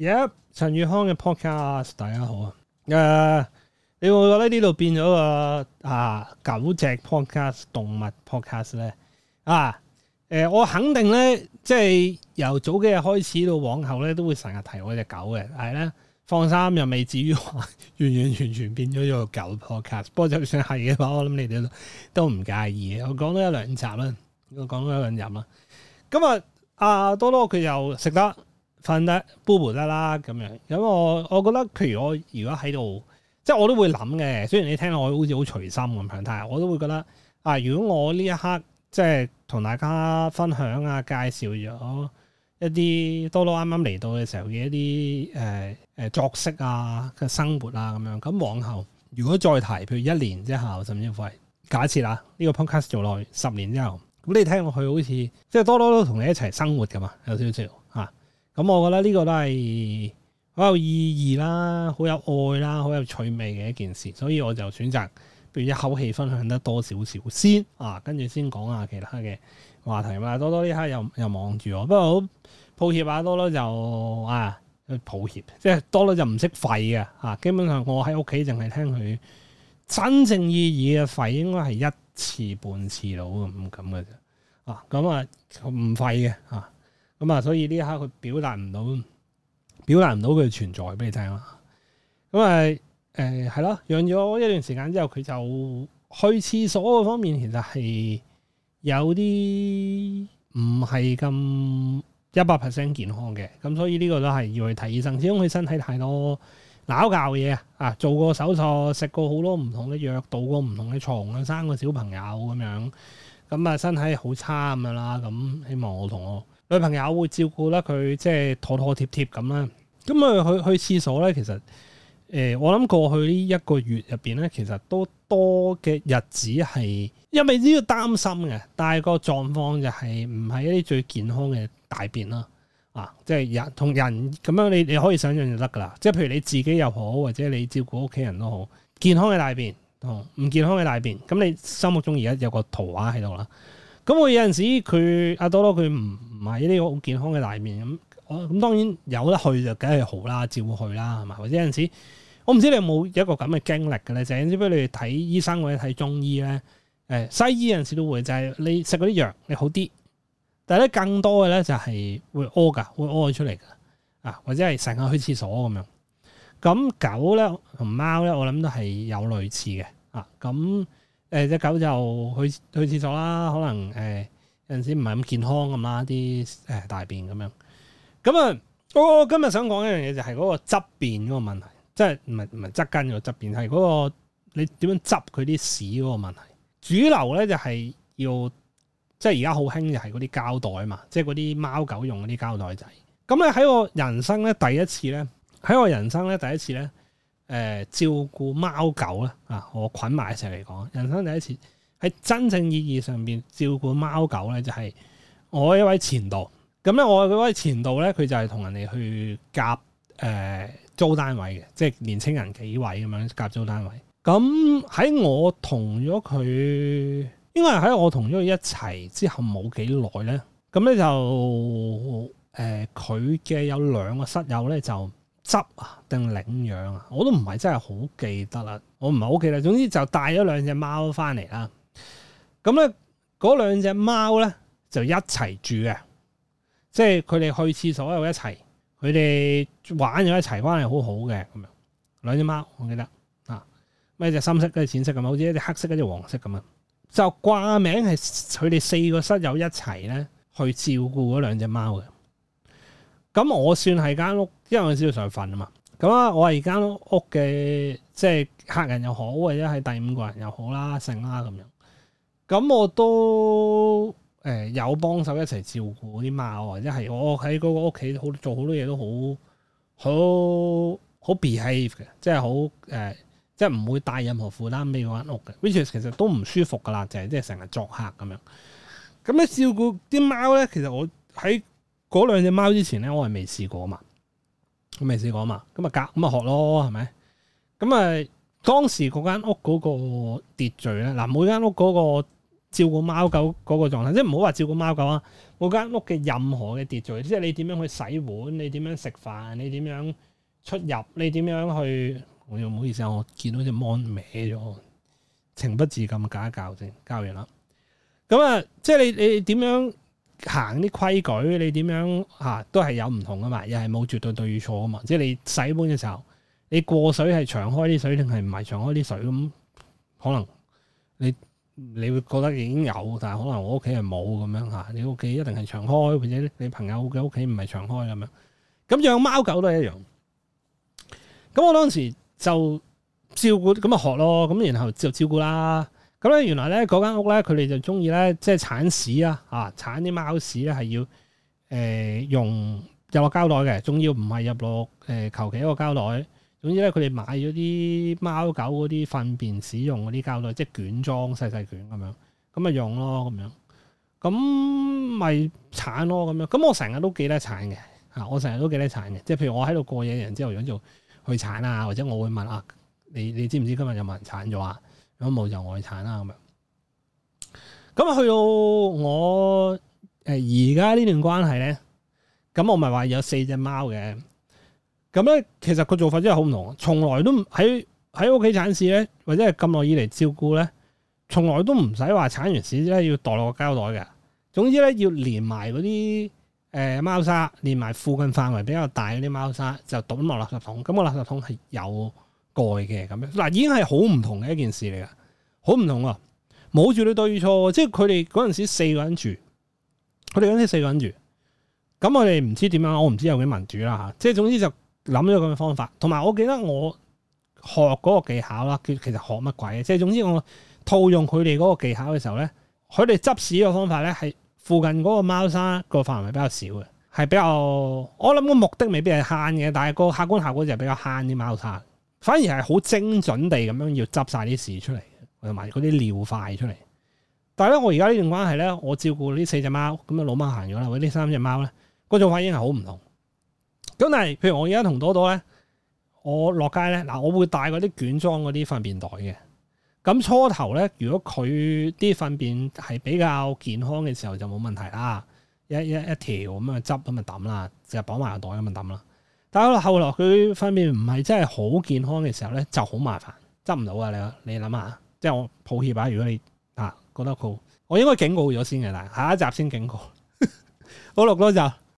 耶！陳宇、yep, 康嘅 podcast，大家好啊！誒、呃，你會，會覺得呢度變咗個啊九隻 podcast 動物 podcast 咧啊？誒、呃，我肯定咧，即係由早幾日開始到往後咧，都會成日提我隻狗嘅。係咧，放心又未至於話完完全全變咗個狗 podcast。不過就算係嘅話，我諗你哋都唔介意。我講多一兩集啦，我講多一兩集啦。咁啊，阿多多佢又食得。瞓得，寶寶得，布布得啦，咁樣。咁我，我覺得，譬如我如果喺度，即係我都會諗嘅。雖然你聽落我好似好隨心咁樣，但係我都會覺得，啊，如果我呢一刻，即係同大家分享啊，介紹咗一啲多多啱啱嚟到嘅時候嘅一啲誒、呃、作息啊嘅生活啊咁樣。咁往後如果再提，譬如一年之後，甚至乎係假設啦，呢個 Podcast 做落去十年之後，咁你聽落去好似即係多多都同你一齊生活噶嘛，有少少、啊咁、嗯、我覺得呢個都係好有意義啦，好有愛啦，好有趣味嘅一件事，所以我就選擇不如一口氣分享得多少少先啊，跟住先講下其他嘅話題嘛。多多呢刻又又望住我，不過好抱歉啊，多多就啊抱歉，即係多多就唔識吠嘅嚇、啊。基本上我喺屋企淨係聽佢真正意義嘅吠，應該係一次半次到咁咁嘅啫啊。咁啊唔廢嘅嚇。咁啊、嗯，所以呢一刻佢表達唔到，表達唔到佢嘅存在俾你聽啦。咁、嗯、啊，誒係咯，養咗一段時間之後，佢就去廁所嘅方面，其實係有啲唔係咁一百 percent 健康嘅。咁所以呢個都係要去睇醫生，始終佢身體太多咬教嘢啊，做過手術，食過好多唔同嘅藥，到過唔同嘅床啊，生過小朋友咁樣，咁、嗯、啊身體好差咁樣啦。咁、嗯、希望我同我。女朋友會照顧啦，佢，即係妥妥貼貼咁啦。咁啊去去廁所咧，其實誒、欸，我諗過去呢一個月入邊咧，其實都多嘅日子係，因為呢要擔心嘅。但係個狀況就係唔係一啲最健康嘅大便啦，啊，即係人同人咁樣，你你可以想象就得噶啦。即係譬如你自己又好，或者你照顧屋企人都好，健康嘅大便同唔健康嘅大便，咁、嗯、你心目中而家有個圖畫喺度啦。咁我有陣時佢阿多多佢唔。唔係呢啲好健康嘅大面咁，咁當然有得去就梗係好啦，照去啦，係嘛？或者有陣時，我唔知你有冇一個咁嘅經歷嘅咧，就係比如你睇醫生或者睇中醫咧，誒西醫有陣時都會就係你食嗰啲藥你好啲，但係咧更多嘅咧就係會屙㗎，會屙出嚟㗎啊！或者係成日去廁所咁樣。咁狗咧同貓咧，我諗都係有類似嘅啊。咁誒隻狗就去去廁所啦，可能、呃有陣時唔係咁健康㗎嘛，啲誒大便咁樣，咁啊，我今日想講一樣嘢就係嗰個執便嗰個問題，即係唔係唔係執根個執便，係嗰個你點樣執佢啲屎嗰個問題。主流咧就係要，即係而家好興就係嗰啲膠袋嘛，即係嗰啲貓狗用嗰啲膠袋仔。咁咧喺我人生咧第一次咧，喺我人生咧第一次咧，誒、呃、照顧貓狗咧啊，我捆埋一齊嚟講，人生第一次。喺真正意義上邊照顧貓狗咧，就係、是、我一位前度咁咧，我一位前度咧，佢就係同人哋去夾誒、呃、租單位嘅，即係年青人幾位咁樣夾租單位。咁喺我同咗佢，應該係喺我同咗佢一齊之後冇幾耐咧，咁咧就誒佢嘅有兩個室友咧就執定、啊、領養啊，我都唔係真係好記得啦，我唔係好記得。總之就帶咗兩隻貓翻嚟啦。咁咧，嗰、嗯、兩隻貓咧就一齊住嘅，即係佢哋去廁所又一齊，佢哋玩又一齊，關係好好嘅咁樣，兩隻貓，我記得啊，咩隻深色、嘅隻淺色咁，好似一隻黑色、一隻黃色咁樣，就掛名係佢哋四個室友一齊咧去照顧嗰兩隻貓嘅。咁我算係間屋，因為我只要上去瞓啊嘛。咁啊，我係間屋嘅，即係客人又好，或者係第五個人又好啦、剩啦咁樣。咁我都誒有幫手一齊照顧啲貓或者係我喺嗰個屋企好做好多嘢都好好好 behave 嘅，即係好誒，即係唔會帶任何負擔俾嗰間屋嘅。which is 其實都唔舒服噶啦，就係即係成日作客咁樣。咁咧照顧啲貓咧，其實我喺嗰兩隻貓之前咧，我係未試過啊嘛，未試過啊嘛。咁啊教，咁啊學咯，係咪？咁啊、呃、當時嗰間屋嗰個秩序咧，嗱每間屋嗰個。照顧貓狗嗰個狀態，即係唔好話照顧貓狗啊！我間屋嘅任何嘅秩序，即係你點樣去洗碗，你點樣食飯，你點樣出入，你點樣去，我又唔好意思啊，我見到隻芒歪咗，情不自禁搞一搞先，教完啦。咁啊，即係你你點樣行啲規矩？你點樣嚇、啊、都係有唔同㗎嘛，又係冇絕對對與錯啊嘛。即係你洗碗嘅時候，你過水係長開啲水定係唔係長開啲水咁？可能你。你會覺得已經有，但係可能我屋企係冇咁樣吓，你屋企一定係長開，或者你朋友嘅屋企唔係長開咁樣。咁養貓狗都係一樣。咁我當時就照顧咁就學咯，咁然後就照顧啦。咁咧原來咧嗰間屋咧，佢哋就中意咧，即係鏟屎啊，啊鏟啲貓屎咧係要誒、呃、用入個膠袋嘅，仲要唔係入落誒求其一個膠袋。總之咧，佢哋買咗啲貓狗嗰啲糞便使用嗰啲膠袋，即係卷裝細細卷咁樣，咁咪用咯咁樣，咁咪鏟咯咁樣。咁我成日都記得鏟嘅，我成日都記得鏟嘅。即係譬如我喺度過夜人之後，樣就去鏟啊，或者我會問啊，你你知唔知今日有冇人鏟咗啊？如果冇就我去鏟啦咁樣。咁啊，去到我誒而家呢段關係咧，咁我咪話有四隻貓嘅。咁咧，其實佢做法真係好唔同，從來都唔喺喺屋企鏟屎咧，或者係咁耐以嚟照顧咧，從來都唔使話鏟完屎咧要墮落個膠袋嘅。總之咧，要連埋嗰啲誒貓砂，連埋附近範圍比較大嗰啲貓砂，就倒落垃圾桶。咁個垃圾桶係有蓋嘅。咁樣嗱，已經係好唔同嘅一件事嚟㗎，好唔同啊！冇住你對錯，即係佢哋嗰陣時四個人住，佢哋嗰陣時四個人住，咁我哋唔知點樣，我唔知有幾民主啦嚇。即係總之就。諗咗咁嘅方法，同埋我記得我學嗰個技巧啦。其實學乜鬼？即係總之我套用佢哋嗰個技巧嘅時候咧，佢哋執屎嘅方法咧係附近嗰個貓砂個範圍比較少嘅，係比較我諗個目的未必係慳嘅，但係個客觀效果就係比較慳啲貓砂。反而係好精準地咁樣要執晒啲屎出嚟，同埋嗰啲尿塊出嚟。但係咧，我而家呢段關係咧，我照顧呢四隻貓，咁啊老貓行咗啦，餵呢三隻貓咧，嗰種反應係好唔同。咁但係，譬如我而家同多多咧，我落街咧，嗱，我會帶嗰啲卷裝嗰啲糞便袋嘅。咁初頭咧，如果佢啲糞便係比較健康嘅時候，就冇問題啦。一一一條咁樣，執咁咪抌啦，就係綁埋個袋咁樣抌啦。但係後來佢糞便唔係真係好健康嘅時候咧，就好麻煩，執唔到啊！你你諗下，即係我抱歉啊！如果你啊覺得佢，我應該警告咗先嘅啦，但下一集先警告。好，六哥就。